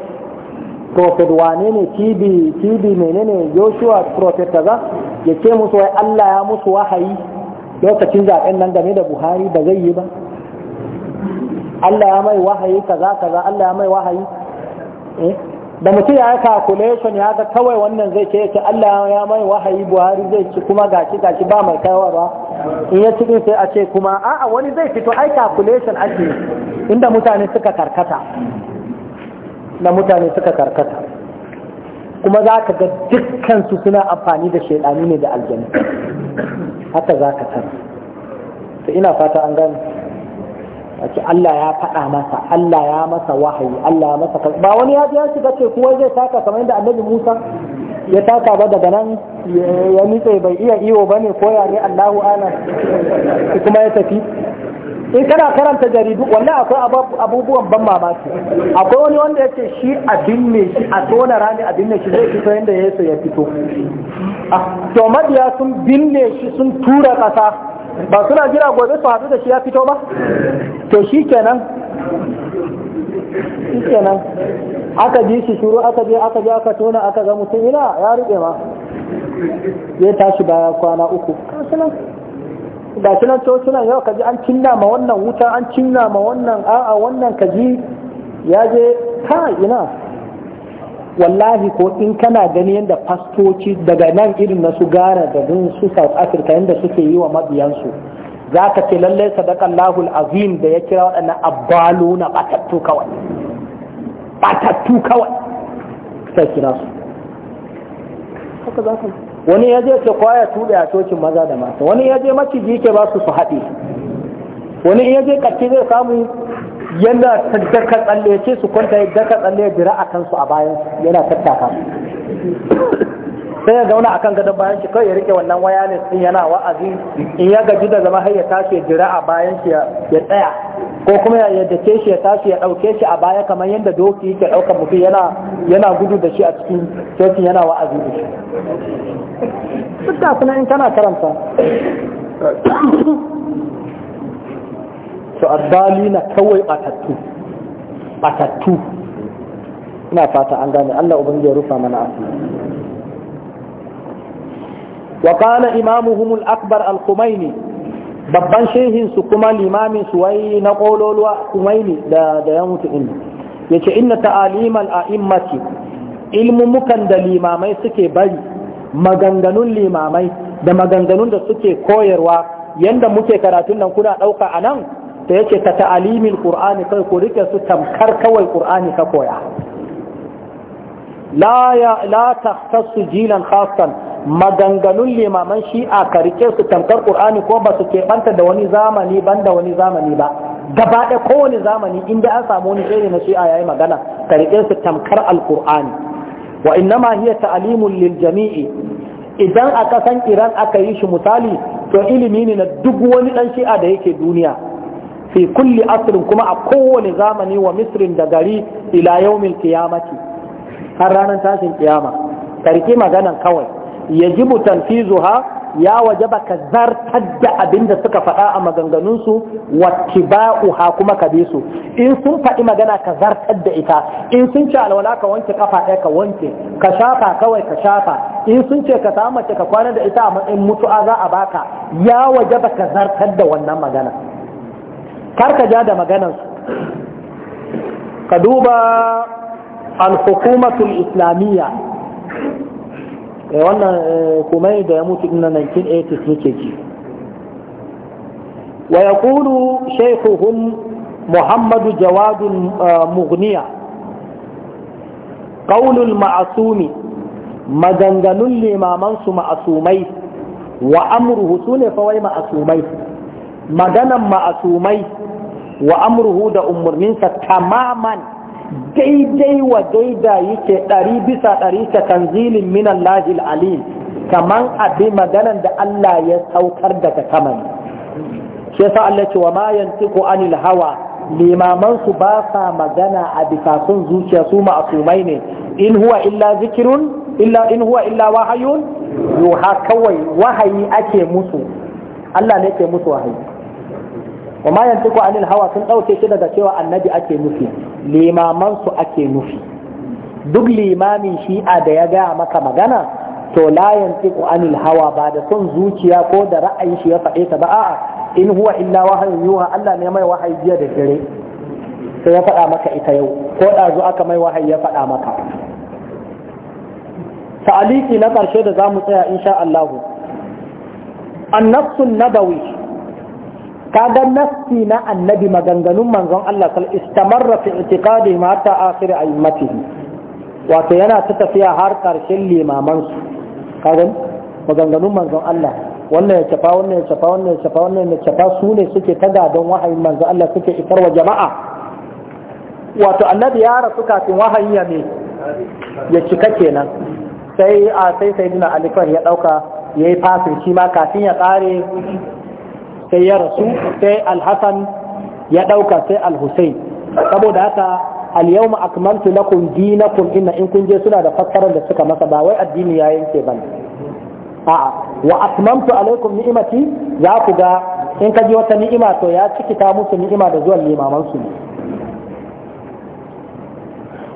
prophet wane ne Tibi, Tibi menene joshua prophet kaza ya ce musu wai allah ya musu wahayi lokacin zaben nan game da buhari ba zai yi ba Allah ya mai wahayi kaza kaza Allah ya mai wahayi eh? da mutum ya yi calculation ya ga kawai wannan zai ce yake Allah ya mai wahayi Buhari zai ci kuma gaki gaki ba mai kawarwa in ya cikin sai a ce kuma a'a wani zai fito ai calculation ake inda mutane suka karkata da mutane suka karkata kuma za ka ga dukkansu suna amfani da shaidani ne da aljanu haka za ka san to ina fata an gane wace Allah ya faɗa masa Allah ya masa wahayi Allah ya masa ba wani ya ya shiga ce kuwa zai taka kamar yadda annabi Musa ya taka ba daga nan ya nitse bai iya iyo ba ne ko ya ne Allahu ana kuma ya tafi in kana karanta jaridu wannan akwai abubuwan ban mamaki akwai wani wanda ya ce shi a binne shi a tona rani a binne shi zai fito yadda ya so ya fito ah, to madiya sun binne shi sun tura kasa ba suna jira gobe su haɗu da shi ya fito ba to shi kenan shi kenan aka ji shi shuru aka je aka je aka tona aka ga mutum ina ya rike ma zai tashi baya kwana uku da nan to sunan yau kaji an cinna ma wannan wuta an cinna ma wannan a'a wannan kaji ya je ta ina wallahi ko in kana gani yadda fastoci daga nan irin na su gara da bin su South Africa yadda suke yi wa mabiyansu za ka ce lallai sadakan lahul azim da ya kira waɗannan abbalu na batattu kawai batattu kawai sai kira su wani ya je ke kwaya tuɗe a cocin maza da mata wani ya je maciji ke ba su su haɗe wani ya je ƙarfi zai samu yana ta daka tsalle ce su kwanta ya daka tsalle ya jira a kansu a bayan yana tattaka sai ya zauna akan gadon bayan shi kawai ya rike wannan waya ne sun yana wa'azi in ya gaji da zama har ya tashi ya jira a bayan shi ya tsaya ko kuma ya ke shi ya tashi ya ɗauke shi a baya kamar yadda doki yake ɗaukar mutum yana gudu da shi a cikin cocin yana wa'azi da shi duk da suna in kana karanta su addali na kawai batattu batattu ina fata an gane Allah ubangiji ya rufa mana asiri وقال إمامهم al الخميني babban shehin su kuma limamin su wai na kololuwa kumaini da da ya mutu inda yace inna ta'alimal a'immati ilmumukan da limamai suke bari maganganun limamai da maganganun da suke koyarwa yanda muke karatun nan kuna ɗauka a nan da yake ta ta'alimin ƙur'ani kai ku rike su tamkar kawai ƙur'ani ka koya la ta la jilan khassan maganganun limaman shi'a ka rike su tamkar ƙur'ani ko ba su keɓanta da wani zamani ban da wani zamani ba gaba ɗaya kowane zamani inda an samu wani shiri na shi'a ya yi magana ka rike su tamkar alƙur'ani wa innama hiya ta'limun jami'i idan a kasan Iran aka yi shi misali to ilimi ne na duk wani ɗan shi'a da yake duniya fi kulli asrin kuma a kowane zamani wa misrin da gari ila yaumil kiyamati har ranar tashin kiyama karki maganan kawai yajibu tanfizuha ya wajaba ka zartar da abin da suka faɗa a maganganunsu wattiba'u ha kuma ka bi su in sun faɗi magana ka zartar da ita in sun ce alwala ka wanke kafa ɗaya ka wanke ka shafa kawai ka shafa in sun ce ka samu ka kwana da ita a matsayin mutu'a za a baka ya wajaba ka zartar da wannan magana kar ka ja da maganarsu ka duba al-hukumatul islamiyya Eh, wannan kuma eh, da ya mutu ina 1980 nike ji wa ya kuru shaikuhun muhammadu jawadun eh, mughniya ƙaunul ma'asumi maganganun limamansu ma'asumai wa amruhu su ne fawai ma'asumai maganan ma'asumai wa amruhu da umarninsa tamaman daidai wa daida yake ɗari bisa ɗari ta tanzilin minan lahil alim kaman abi maganan da Allah ya saukar daga kamani shi yasa Allah ce wa ma yantiqu anil hawa limaman su ba sa magana a bisa sun zuciya su ma'asumai ne in huwa illa zikirun illa in huwa illa wahayun yuha kawai wahayi ake musu Allah ne ke musu wahayi wa ma yantiqu anil hawa sun dauke shi daga cewa annabi ake musu? limamansu ake nufi duk limamin shi'a da ya gaya maka magana to la yantiqu anil hawa ba da son zuciya ko da ra'ayin shi ya faɗe ta ba a'a in huwa illa wahayin yuha Allah ne mai wahayi jiya da dare sai ya faɗa maka ita yau ko ɗazu aka mai wahayi ya faɗa maka ta'aliki na ƙarshe da zamu tsaya insha Allah an nabawi kaga nassi na annabi maganganun manzon Allah sal istamarra fi i'tiqadi ma ta akhir a'immatihi wato yana ta tafiya har karshen limaman su kaga maganganun manzon Allah wannan ya tafa wannan ya tafa wannan ya tafa wannan ya tafa su ne suke ta gadon wahayin manzon Allah suke isar wa jama'a wato annabi ya rasu kafin wahayi ya me ya cika kenan sai a sai sayyidina ali ya dauka yayi fasin shi ma kafin ya kare sai ya rasu sai alhassan ya ɗauka sai alhussein saboda haka alyawma akmaltu lakum dinakum inna in kun je suna da fassarar da suka masa ba wai addini ya yanke bane a'a wa akmaltu alaikum ni'imati za ku ga in ka ji wata ni'ima to ya cikita musu ni'ima da zuwa limaman su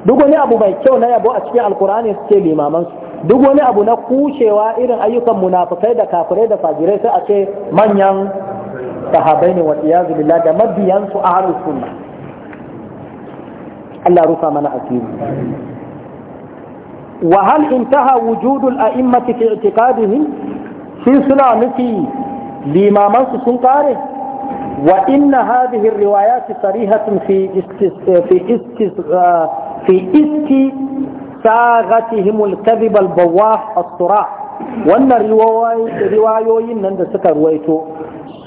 duk wani abu mai kyau na yabo a cikin alkur'ani suke limaman su duk wani abu na kushewa irin ayyukan munafukai da kafirai da fajirai sai a ce manyan sahabai ne wa'iyazu billah da mabiyansu a harin suna. Allah rufa mana asiri wa hal intaha wujudul a'immati fi i'tiqadihim shi suna nufi limamansu sun kare wa inna hadhihi riwayat sarihatun fi fi fi isti saghatihim al-kadhib al-bawah as-surah wannan riwayoyin nan da suka ruwaito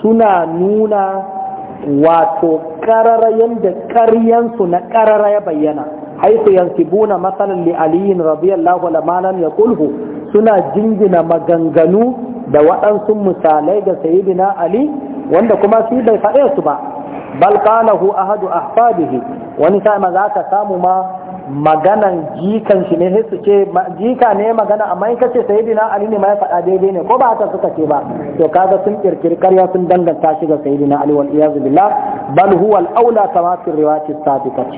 suna nuna wato karara da karyansu na karara ya bayyana haifu yansibuna masalan li aliyin radiyallahu lamalan ya kulhu suna jingina maganganu da waɗansu misalai ga sayidina ali wanda kuma shi bai faɗe su ba Balkanahu ahadu ahfadihi wani kama za ka samu ma maganan jikan shi ne su ce jika ne magana amma in kace sayyidina ali ne ma ya faɗa daidai ne ko ba haka suka ce ba to kaga sun kirkiri karya sun danganta shi ga sayyidina ali wal iyaz billah bal huwa al aula kama fi riwayat sabiqat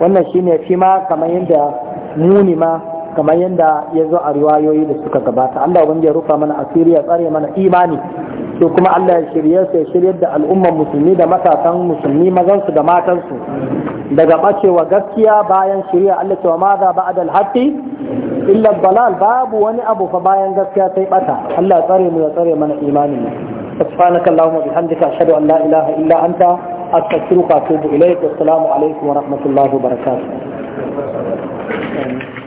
wannan shine shi ma kamar yadda muni ma kamar yadda ya zo a riwayoyi da suka gabata Allah wanda ya rufa mana asiri ya tsare mana imani to kuma Allah ya shirye su ya shirye da al'umman musulmi da matasan musulmi mazan su da matan su daga bacewa gaskiya bayan shirya Allah cewa ma za ba'da al-haqqi illa dalal babu wani abu fa bayan gaskiya sai bata Allah ya tsare mu ya tsare mana imani سبحانك اللهم وبحمدك أشهد أن لا إله إلا أنت أستغفرك وأتوب إليك والسلام عليكم ورحمة الله وبركاته.